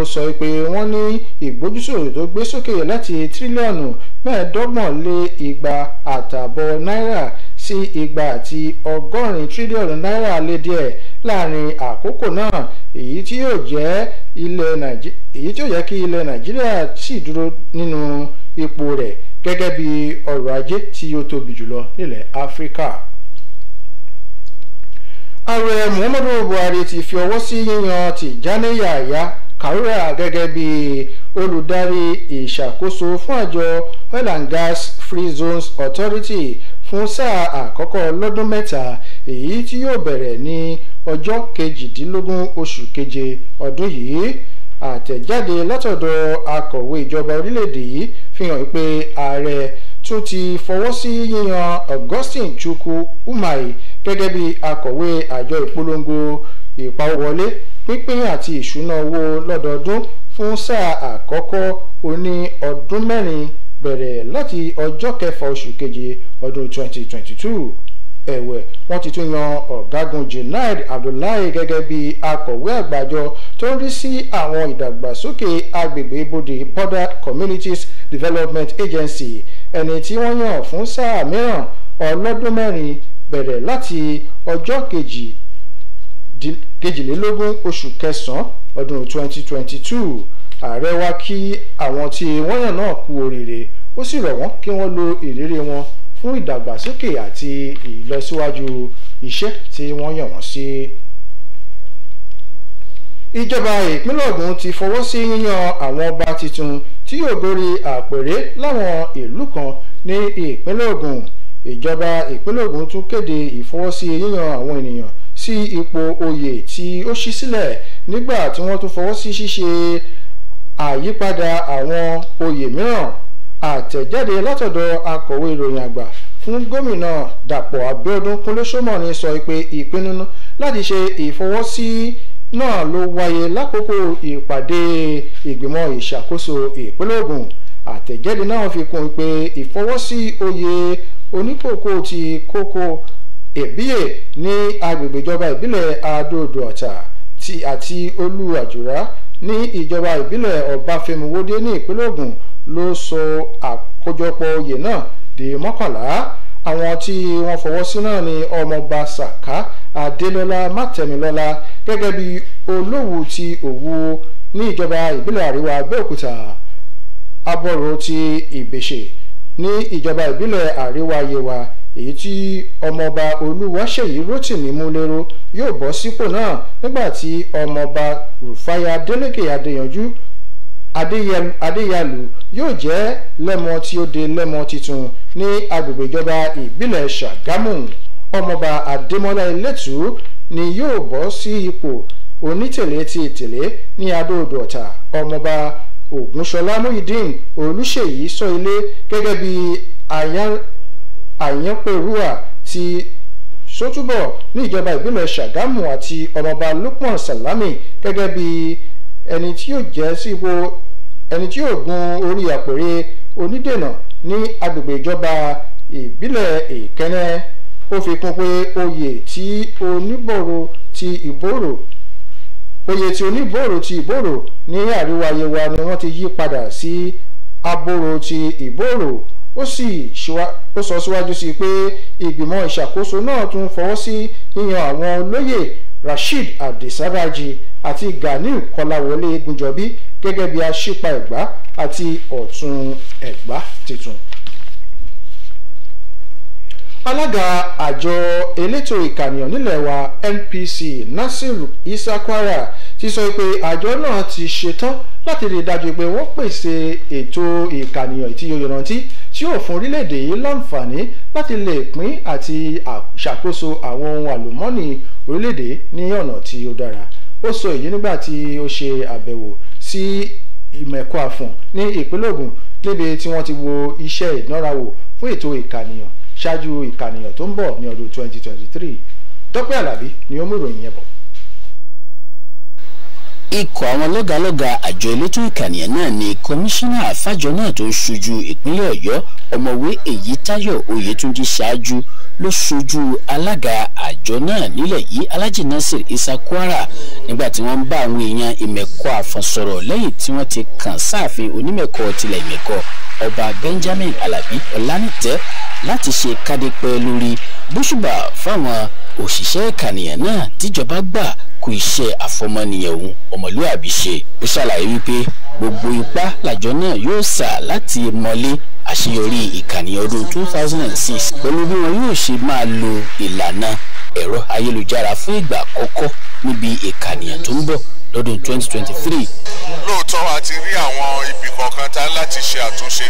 ó sọ pé wọ́n ní ìgbójúsòrò tó gbé sókè láti tírílíọ̀nù mẹ́ẹ̀ẹ́dọ́gbọ̀n lé igba àtààbọ̀ náírà sí igba àti ọgọ́rin tírílíọ̀nù náírà lé díẹ̀ láàrin àkókò náà èyí tí yóò jẹ́ ilẹ̀ nàìjíríà èyí tí ó yẹ kí ilẹ̀ nàìjíríà sì dúró nínú ipò rẹ̀ gẹ́gẹ́ bí ọrọ̀ ajé tí ó tóbi jùlọ nílẹ̀ áfíríkà. ààrẹ muhammadu buhari ti fi ọwọ́ sí yíyan Tijani Yahaya Kaura gẹ́gẹ́ bí olùdarí ìṣàkóso fún àjọ Oil and Gas Free Zones Authority fún sáà àkọ́kọ́ lọ́dún mẹ́ta èyí tí yóò bẹ̀rẹ̀ ní ọjọ́ kejìdínlógún oṣù keje ọdún yìí àtẹ̀jáde látọ̀dọ̀ akọ̀wé ìjọba orílẹ̀-èdè yìí fi hàn pé ààrẹ tún ti fọwọ́ sí yíyan Augustine Chukwu Umahi gẹ́gẹ́ bí akọ̀wé àjọ ìpolongo ìpawówọlé pínpín àti ìṣúná owó lọ́dọọdún fún sáà àkọ́kọ́ oní ọdún mẹ́rin bẹ̀rẹ̀ láti ọjọ́ kẹfà oṣù keje ọdún 2022 ẹ̀wẹ̀ wọ́n ti tún yan ọ̀gágun Junaid Abdullahi gẹ́gẹ́ bí akọ̀wé àgbàjọ tó ń rí sí àwọn ìdàgbàsókè agbègbè ibodè Border Communities Development Agency ẹni tí wọ́n yàn fún sáà mìíràn ọlọ́dún mẹ́rin bẹ̀rẹ̀ láti ọjọ́ kejì kejìlélógún oṣù kẹsàn-án ọdún 2022 ààrẹ wa kí àwọn tí wọ́n yàn náà kú oríire ó sì rọ̀ wọ́n kí wọ́n lo ìrírí wọn fún ìdàgbàsókè àti ìlọsíwájú iṣẹ́ tí wọ́n yàn wọ́n sí. ìjọba ìpínlẹ̀ Ògùn ti fọwọ́ sí yíyan àwọn ọba tuntun tí yóò gorí àpèrè láwọn ìlú kan ní ìpínlẹ̀ Ògùn ìjọba ìpínlẹ̀ Ògùn tún kéde ìfọwọ́sí yíyan àwọn ènìyàn sí ipò oyè tí ó ṣí sílẹ̀ nígbà tí wọ́n tún fọwọ́ sí ṣíṣe àyípadà àwọn oyè mìíràn àtẹ̀jáde látọ̀dọ̀ akọ̀wé ìròyìn àgbà fún gómìnà dàpọ̀ abíọ́dún kúnlé sómọ́ni sọ pé ìpinnu láti ṣe ìfọwọ́sí náà ló wáyé lákòókò ìpàdé ìgbìmọ̀ ìṣàkóso ìpínlẹ̀ Ògùn àtẹ̀jáde náà fi kún pé ìfọwọ́sí oyè oníkókó ti kókó èbíyè ní agbègbè ìjọba ìbílẹ̀ adóodò ọ̀tà ti àti olú àjùrà ní ìjọba ìbílẹ̀ ọbáfẹ́mi-wòde ní ìpínlẹ̀ Ògùn ló sọ àkójọpọ̀ oyè náà di mọ́kànlá àwọn tí wọ́n fọwọ́ sí náà ni ọmọọba saka adélọ́lá mátẹ̀mílọ́lá gẹ́gẹ́ bí olówù ti òwu ní ìjọba ìbílẹ̀ àríwá abẹ́òkúta abọ́rò ti ìbèṣe ní ìjọba ìbílẹ̀ àríwá yewa èyí tí ọmọọba olúwaṣèyí rotimi múlẹ́rọ yóò bọ́ sípò náà nígbà tí ọmọọba rufaya adeleke adéyanjú adéyàlú yóò jẹ́ lẹ́mọ tí ó de lẹ́mọ tuntun ní agbègbè ìjọba ìbílẹ̀ ṣàgámù ọmọọba adémọlá elétù ni yóò bọ́ sí ipò onítẹ̀lé ti ìtẹ̀lé ní adó-odò ọ̀tà ọmọọba ògúnṣọlá muhyiddin olúṣèyí sọ ilé gẹ́gẹ́ bí ayán àyánpẹ̀rúà ti sótúbọ̀ ní ìjọba ìbílẹ̀ ṣàgámù àti ọmọọba lukman salami gẹ́gẹ́ bí ẹni tí yóò jẹ́ sípò ẹni tí yóò gun orí àpèrè onídènà ní agbègbè ìjọba ìbílẹ̀ ìkẹ́nẹ́ ó fi kún pé oyè tí oníbòòrò ti ìbòòrò oyè tí oníbòòrò ti ìbòòrò ní àríwá yewa ni wọ́n ti yí padà sí abòòrò ti ìbòòrò ó sì sọ síwájú sí i pé ìgbìmọ̀ ìṣàkóso náà tún fọwọ́ sí yíyan àwọn olóyè Rasheed Adesaraji àti Ganiu Kọláwọlé Egunjọbí gẹ́gẹ́ bí aṣípa Ẹ̀gbá àti ọ̀tún Ẹ̀gbá tuntun alága àjọ elétò ìkànìyàn nílẹ̀ wa NPC nasiru Isa Kwara ti sọ pé àjọ náà ti ṣetán láti rí i dájú pé wọ́n pèsè ètò ìkànìyàn tí yóò yanrantí tí yóò fún orílẹ̀-èdè yìí láǹfààní láti lè pín àti ṣàkóso àwọn ohun àlùmọ́ọ́nì orílẹ̀-èdè ní ọ̀nà tí ó dára ó sọ èyí nígbà tí ó ṣe àbẹ̀wò sí ìmẹ̀kọ àfọ̀n ní ìpínlẹ̀ Ògùn níbi tí wọ́n ti wo iṣẹ́ ìdánrawò fún ètò ìkànìyàn ṣáájú ìkànìyàn tó ń bọ̀ ní ọdún 2023 Tọ́pẹ́ Àlàbí ni ó mú ìròyìn yẹn bọ̀ ikọ̀ àwọn lọ́gàálọ́gàá àjọ elétò ìkànìyàn náà ni kọmíṣánná àfàjọ náà tó ń ṣojú ìpínlẹ̀ ọ̀yọ́ ọ̀mọ̀wé èyítayọ̀ oyètúnjí ṣáájú ló ṣojú alága àjọ náà nílẹ̀ yìí alhaji nasir isa kwara nígbà tí wọ́n ń bá àwọn èèyàn ìmẹ̀kọ àfọ̀n lẹ́yìn tí wọ́n ti kàn sáàfin onímẹ̀kọ tilẹ̀ ìmẹ̀kọ ọba benjamin alabi ọlánìtẹ́ láti ṣe kádépẹ́ lórí bóṣùbà fáwọn òṣìṣẹ́ ìkànìyàn náà tíjọba gbà kú iṣẹ́ àfọmọnìyàn òun ọmọlúàbí ṣe ó ṣàlàyé wípé gbogbo ipá làjọ náà yóò sà láti mọlé àṣeyọrí ìkànnì ọdún 2006 pẹ̀lú bí wọn yóò ṣe máa lo ìlànà ẹ̀rọ ayélujára fún ìgbà àkọ́kọ́ níbi ìkànnìyàn tó ń bọ̀ lọ́dún 2023. lóòótọ́ a ti rí àwọn ibì kọ̀ọ̀kan tá láti ṣe àtúnṣe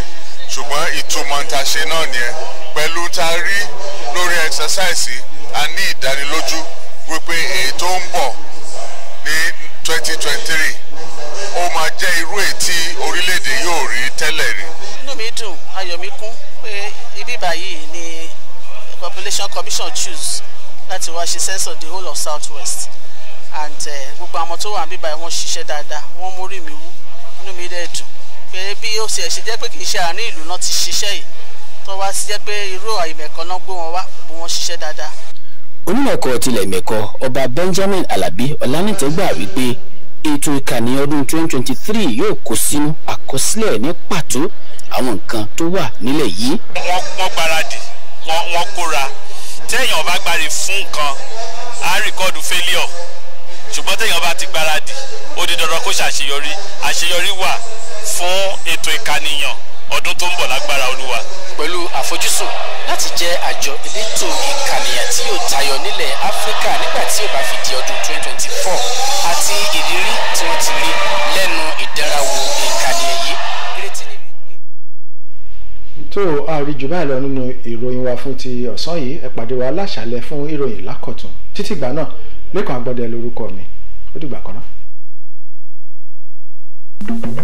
ṣùgbọ́n ìtumọ̀ tá a ṣe náà nìyẹn pẹ̀lú tá a rí lórí ẹ̀sẹ̀sáìsì a ní ìdánilójú wípé èyí tó ń bọ̀ ní 2023 ó máa jẹ́ irú ètí orílẹ̀-èdè yóò rí tẹ́lẹ̀ rí. inú mi dùn ayọ̀ mi kún pé ibi báyìí ni population commission choose láti wá ṣe census the whole of south west and eh, gbogbo àwọn tó wà níbí báyìí wọ́n ṣiṣẹ́ dáadáa wọ́n mórí mi wú inú mi dẹ̀ dùn pé bí ó ṣe ṣe jẹ́ pé kì í ṣe àárín ìlú náà ti ṣiṣẹ́ yìí tó wá sí jẹ́ pé irú àìmẹ̀kọ́ náà gbé wọn wá gbogbo wọn ṣiṣẹ́ dáadáa onímọ̀kọ tilẹ̀ mẹ́kọ ọba Benjamin Alabi ọ̀lànìtẹ́gbà wípé ètò ìkànnì ọdún 2023 yóò kó sínú àkọsílẹ̀ ní pàtó àwọn nǹkan tó wà nílẹ̀ yìí. wọ́n gbáradì wọ́n kóra téèyàn bá gbáradì fún nǹkan á rìkọ́dù fẹ́líọ̀ ṣùgbọ́n téèyàn bá ti gbáradì ó di dandan kó ṣàṣeyọrí àṣeyọrí wà fún ètò ìkànnìyàn ọdún tó ń bọ̀ lágbára olúwa. pẹ̀lú àfojúsùn láti jẹ́ àjọ elétò ìkànìyàn tí yóò tayọ nílẹ̀ áfíríkà nígbà tí yóò bá fi di ọdún 2024 àti ìrírí tí wọ́n ti rí lẹ́nu ìdánrawò ìkànìyàn yìí. tó a rí jù báyìí lọ nínú ìròyìn wa fún ti ọ̀sán yìí ẹ pàdé wa láṣàlẹ̀ fún ìròyìn lákọ̀tún títí ìgbà náà lẹ́kàn àgbọ̀dẹ lórúkọ mi ó dìgbà kan náà. thank you